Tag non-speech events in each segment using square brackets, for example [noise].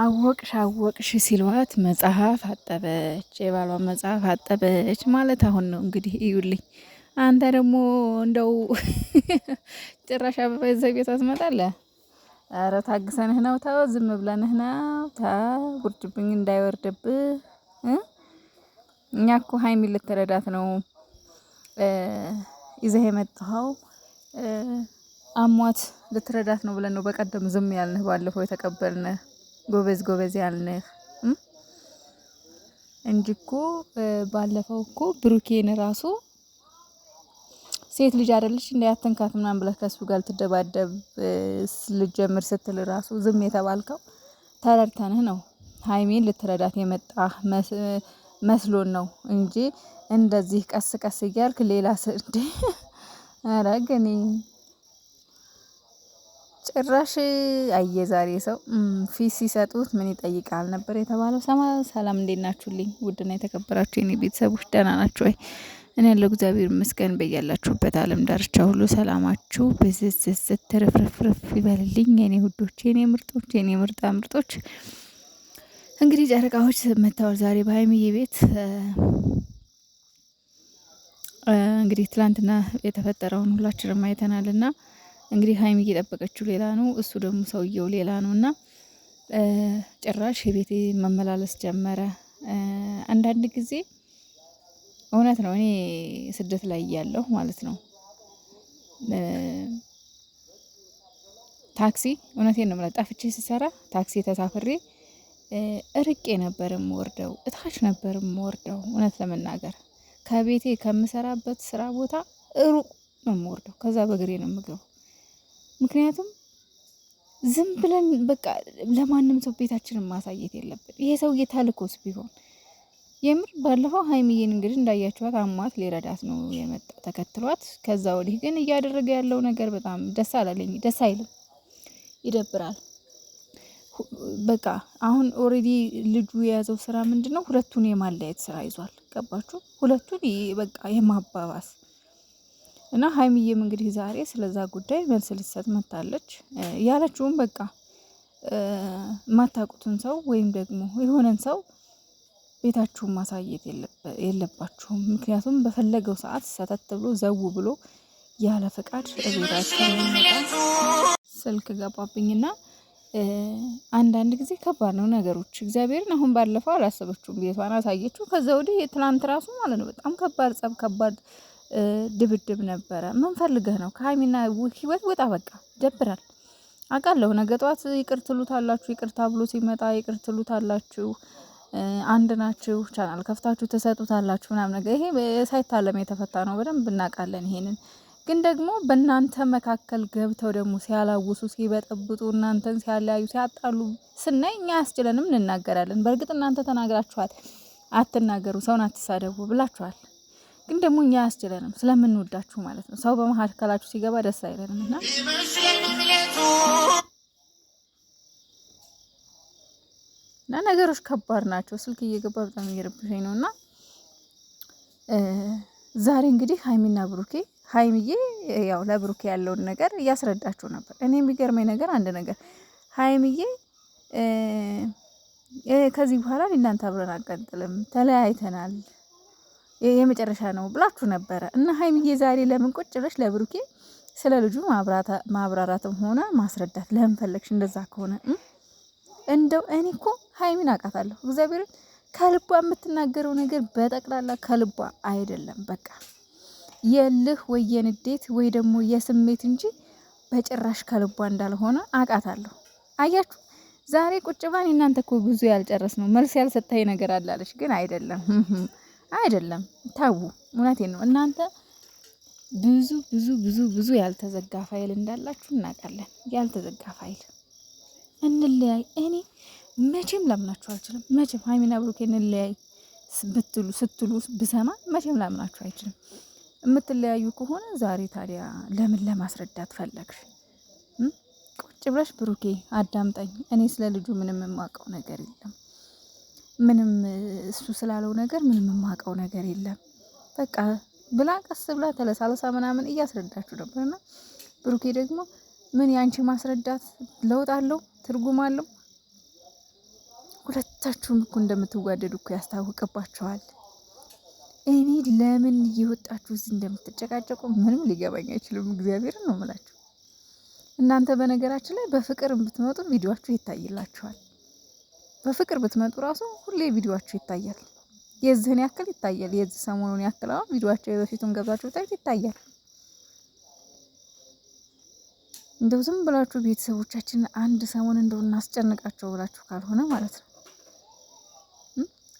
አወቅሽ አወቅሽ ሲሏት መጽሐፍ አጠበች፣ የባሏ መጽሐፍ አጠበች ማለት አሁን ነው እንግዲህ እዩልኝ። አንተ ደግሞ እንደው [laughs] ጭራሽ አበባ ይዘህ ቤት አትመጣለህ። ኧረ ታግሰንህ ነው፣ ተው ዝም ብለንህ ነው። ታ ውርድብኝ እንዳይወርድብህ። እኛ እኮ ሀይሚ ልትረዳት ነው ይዘህ የመጣኸው አሟት ልትረዳት ነው ብለን ነው በቀደም ዝም ያልንህ፣ ባለፈው የተቀበልንህ ጎበዝ ጎበዝ ያልንህ እንጂ እኮ ባለፈው እኮ ብሩኬን ራሱ ሴት ልጅ አይደለች ያተንካት ምናምን ብለህ ከሱ ጋር ልትደባደብ ልጀምር ስትል ራሱ ዝም የተባልከው ተረድተንህ ነው። ሀይሜን ልትረዳት የመጣ መስሎን ነው እንጂ እንደዚህ ቀስ ቀስ እያልክ ሌላ ስንዴ [laughs] ግን ጭራሽ አየ ዛሬ ሰው ፊት ሲሰጡት ምን ይጠይቃል ነበር የተባለው። ሰማ ሰላም፣ እንዴት ናችሁልኝ? ውድና የተከበራችሁ የኔ ቤተሰቦች ደህና ናችሁ ወይ? እኔ ያለው እግዚአብሔር ይመስገን። በያላችሁበት ዓለም ዳርቻ ሁሉ ሰላማችሁ ብዝዝዝት ትርፍርፍርፍ ይበልልኝ የኔ ውዶች፣ የኔ ምርጦች፣ የኔ ምርጣ ምርጦች። እንግዲህ ጨረቃዎች መተዋል ዛሬ በሀይሚዬ ቤት። እንግዲህ ትላንትና የተፈጠረውን ሁላችንም አይተናል ና። እንግዲህ ሀይሚ እየጠበቀችው ሌላ ነው፣ እሱ ደግሞ ሰውየው ሌላ ነው እና ጭራሽ የቤቴ መመላለስ ጀመረ። አንዳንድ ጊዜ እውነት ነው እኔ ስደት ላይ እያለሁ ማለት ነው ታክሲ እውነቴን ነው የምለው ጠፍቼ ስሰራ ታክሲ ተሳፍሬ እርቄ ነበር የምወርደው፣ እታች ነበር የምወርደው። እውነት ለመናገር ከቤቴ ከምሰራበት ስራ ቦታ ሩቅ ነው የምወርደው። ከዛ በእግሬ ነው የምገባው። ምክንያቱም ዝም ብለን በቃ ለማንም ሰው ቤታችንን ማሳየት የለብን። ይሄ ሰውዬ ተልኮስ ቢሆን የምር ባለፈው ሀይሚዬን እንግዲህ እንዳያችኋት አሟት ሊረዳት ነው የመጣ ተከትሏት። ከዛ ወዲህ ግን እያደረገ ያለው ነገር በጣም ደስ አላለኝ፣ ደስ አይልም፣ ይደብራል። በቃ አሁን ኦልሬዲ ልጁ የያዘው ስራ ምንድን ነው? ሁለቱን የማለያየት ስራ ይዟል። ገባችሁ? ሁለቱን በቃ የማባባስ እና ሀይሚዬም እንግዲህ ዛሬ ስለዛ ጉዳይ መልስ ልትሰጥ መታለች። ያለችውም በቃ የማታውቁትን ሰው ወይም ደግሞ የሆነን ሰው ቤታችሁን ማሳየት የለባችሁም። ምክንያቱም በፈለገው ሰዓት ሰተት ብሎ ዘው ብሎ ያለ ፈቃድ ቤታችሁ ስልክ ገባብኝና አንዳንድ ጊዜ ከባድ ነው ነገሮች። እግዚአብሔርን አሁን ባለፈው አላሰበችውም፣ ቤቷን አሳየችው። ከዛ ወዲህ ትናንት ራሱ ማለት ነው በጣም ከባድ ጸብ፣ ከባድ ድብድብ ነበረ። ምን ፈልገህ ነው? ከሀይሚና ህይወት ወጣ በቃ ደብራል። አውቃለሁ። ነገ ጠዋት ይቅር ትሉታላችሁ። ይቅርታ ብሎ ሲመጣ ይቅር ትሉታላችሁ። አንድ ናችሁ። ቻናል ከፍታችሁ ትሰጡታላችሁ ምናምን ነገር ይሄ ሳይታለም የተፈታ ነው። በደንብ እናውቃለን ይሄንን ግን ደግሞ በእናንተ መካከል ገብተው ደግሞ ሲያላውሱ፣ ሲበጠብጡ፣ እናንተን ሲያለያዩ፣ ሲያጣሉ ስናይ እኛ ያስችለንም እንናገራለን። በእርግጥ እናንተ ተናግራችኋል። አትናገሩ፣ ሰውን አትሳደቡ ብላችኋል። ግን ደግሞ እኛ ያስችለንም ስለምንወዳችሁ ማለት ነው። ሰው በመካከላችሁ ሲገባ ደስ አይለንም እና እና ነገሮች ከባድ ናቸው። ስልክ እየገባ በጣም እየረብሸኝ ነው እና ዛሬ እንግዲህ ሀይሚና ብሩኬ ሀይሚዬ ያው ለብሩኬ ያለውን ነገር እያስረዳችሁ ነበር። እኔ የሚገርመኝ ነገር አንድ ነገር ሀይሚዬ ከዚህ በኋላ እናንተ አብረን አንቀጥልም፣ ተለያይተናል የመጨረሻ ነው ብላችሁ ነበረ እና ሀይሚዬ ዛሬ ለምን ቁጭ ብለሽ ለብሩኬ ስለ ልጁ ማብራራትም ሆነ ማስረዳት ለምን ፈለግሽ? እንደዛ ከሆነ እንደው እኔ እኮ ሀይሚን አውቃታለሁ። እግዚአብሔርን ከልቧ የምትናገረው ነገር በጠቅላላ ከልቧ አይደለም። በቃ የልህ ወይ የንዴት ወይ ደግሞ የስሜት እንጂ በጭራሽ ከልቧ እንዳልሆነ አውቃታለሁ። አያችሁ ዛሬ ቁጭ ባን እናንተ እኮ ብዙ ያልጨረስ ነው መልስ ያልሰታይ ነገር አላለች፣ ግን አይደለም አይደለም። ተዉ፣ እውነቴን ነው። እናንተ ብዙ ብዙ ብዙ ብዙ ያልተዘጋ ፋይል እንዳላችሁ እናውቃለን። ያልተዘጋ ፋይል እንለያይ። እኔ መቼም ላምናችሁ አልችልም። መቼም ሀይሚና ብሩኬ እንለያይ ብትሉ ስትሉ ብሰማ መቼም ላምናችሁ አይችልም። የምትለያዩ ከሆነ ዛሬ ታዲያ ለምን ለማስረዳት ፈለግሽ? ቁጭ ብለሽ ብሩኬ አዳምጠኝ፣ እኔ ስለ ልጁ ምንም የማውቀው ነገር የለም ምንም እሱ ስላለው ነገር ምንም የማውቀው ነገር የለም በቃ ብላ ቀስ ብላ ተለሳለሳ ምናምን እያስረዳችሁ ነበር። ብሩኬ ደግሞ ምን ያንቺ ማስረዳት ለውጥ አለው ትርጉም አለው? ሁለታችሁም እኮ እንደምትዋደዱ እኮ ያስታውቅባቸዋል። እኔ ለምን እየወጣችሁ እዚህ እንደምትጨቃጨቁ ምንም ሊገባኝ አይችልም። እግዚአብሔርን ነው የምላችሁ። እናንተ በነገራችን ላይ በፍቅር ብትመጡ ቪዲዮችሁ ይታይላችኋል። በፍቅር ብትመጡ ራሱ ሁሌ ቪዲዮቸው ይታያል። የዚህን ያክል ይታያል። የዚህ ሰሞኑን ያክል አሁን ቪዲዮችሁ የበፊቱን ገብታችሁ ብታዩት ይታያል። እንደው ዝም ብላችሁ ቤተሰቦቻችን አንድ ሰሞን እንደው እናስጨንቃቸው ብላችሁ ካልሆነ ማለት ነው።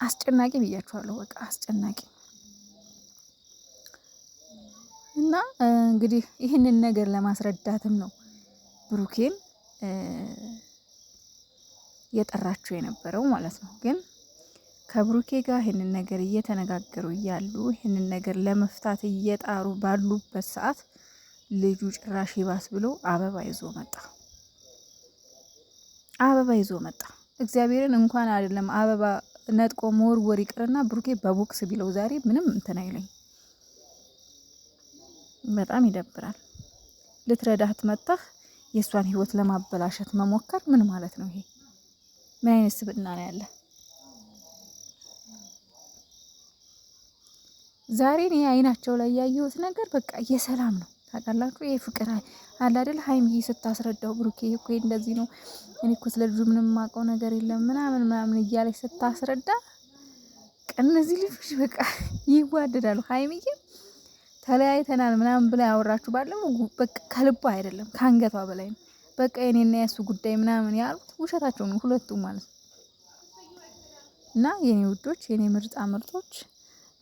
አስጨናቂ ብያችኋለሁ። በቃ አስጨናቂ እና እንግዲህ ይህንን ነገር ለማስረዳትም ነው ብሩኬን የጠራችው የነበረው ማለት ነው። ግን ከብሩኬ ጋር ይህንን ነገር እየተነጋገሩ እያሉ ይህንን ነገር ለመፍታት እየጣሩ ባሉበት ሰዓት ልጁ ጭራሽ ይባስ ብሎ አበባ ይዞ መጣ። አበባ ይዞ መጣ። እግዚአብሔርን እንኳን አይደለም አበባ ነጥቆ መወርወር ይቅርና ብሩኬ በቦክስ ቢለው ዛሬ ምንም እንትን አይለኝ። በጣም ይደብራል። ልትረዳት መጣህ፣ የእሷን ህይወት ለማበላሸት መሞከር ምን ማለት ነው ይሄ? ምን አይነት ስብዕና ነው ያለ? ዛሬ እኔ አይናቸው ላይ ያየሁት ነገር በቃ የሰላም ነው ታውቃላችሁ። ይሄ ፍቅር አለ አይደል? ሀይሚዬ ስታስረዳው ብሩኬ እኮ እንደዚህ ነው፣ እኔ እኮ ስለ ልጁ ምንም የማውቀው ነገር የለም ምናምን ምናምን እያለች ስታስረዳ እነዚህ ልጆች በቃ [laughs] ይዋደዳሉ። ሀይሚዬ ተለያይተናል ምናምን ብላ ያወራችሁ ባለም በቃ ከልቧ አይደለም ከአንገቷ በላይ ነው። በቃ የኔና የሱ ጉዳይ ምናምን ያሉት ነው ሁለቱም ማለት ነው። እና የኔ ውዶች የኔ ምርጣ ምርጦች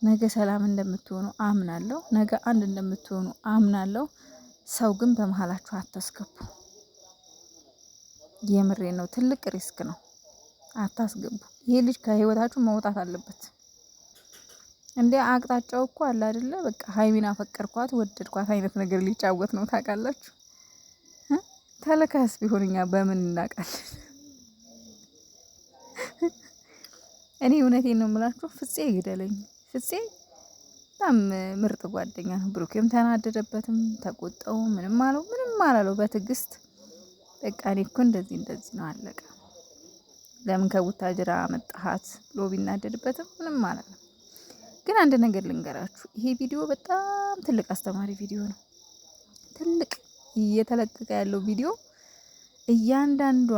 ነገ ሰላም እንደምትሆኑ አምናለሁ። ነገ አንድ እንደምትሆኑ አምናለሁ። ሰው ግን በመሀላችሁ አታስገቡ። የምሬ ነው። ትልቅ ሪስክ ነው። አታስገቡ። ይሄ ልጅ ከህይወታችሁ መውጣት አለበት። እንደ አቅጣጫው እኮ አለ አይደለ? በቃ ሀይሚን አፈቀርኳት፣ ወደድኳት አይነት ነገር ሊጫወት ነው። ታውቃላችሁ። ተለካስ ቢሆን እኛ በምን እናውቃለን? እኔ እውነቴን ነው የምላችሁ፣ ፍፄ ይግደለኝ። ፍፄ በጣም ምርጥ ጓደኛ ነው። ብሩኬም ተናደደበትም ተቆጣው፣ ምንም አለው ምንም አላለው በትዕግስት በቃ እኔ እኮ እንደዚህ እንደዚህ ነው አለቀ። ለምን ከቡታጅራ መጣሃት ብሎ ቢናደድበትም ምንም አላለም። ግን አንድ ነገር ልንገራችሁ፣ ይሄ ቪዲዮ በጣም ትልቅ አስተማሪ ቪዲዮ ነው። ትልቅ እየተለቀቀ ያለው ቪዲዮ እያንዳንዷ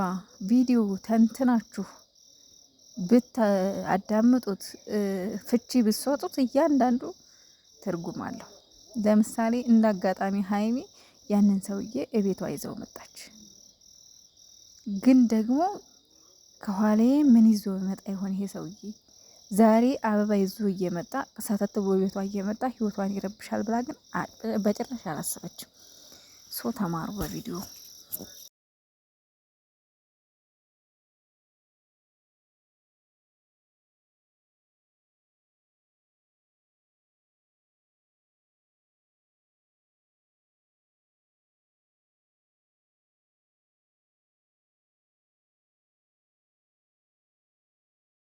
ቪዲዮ ተንትናችሁ ብታዳምጡት ፍቺ ብትሰጡት እያንዳንዱ ትርጉም አለው። ለምሳሌ እንደ አጋጣሚ ሀይሚ ያንን ሰውዬ እቤቷ ይዘው መጣች። ግን ደግሞ ከኋላ ምን ይዞ መጣ ይሆን ይሄ ሰውዬ ዛሬ አበባ ይዞ እየመጣ ሰተት ቤቷ እየመጣ ህይወቷን ይረብሻል ብላ ግን በጭራሽ አላሰበችም። ሶ ተማሩ በቪዲዮ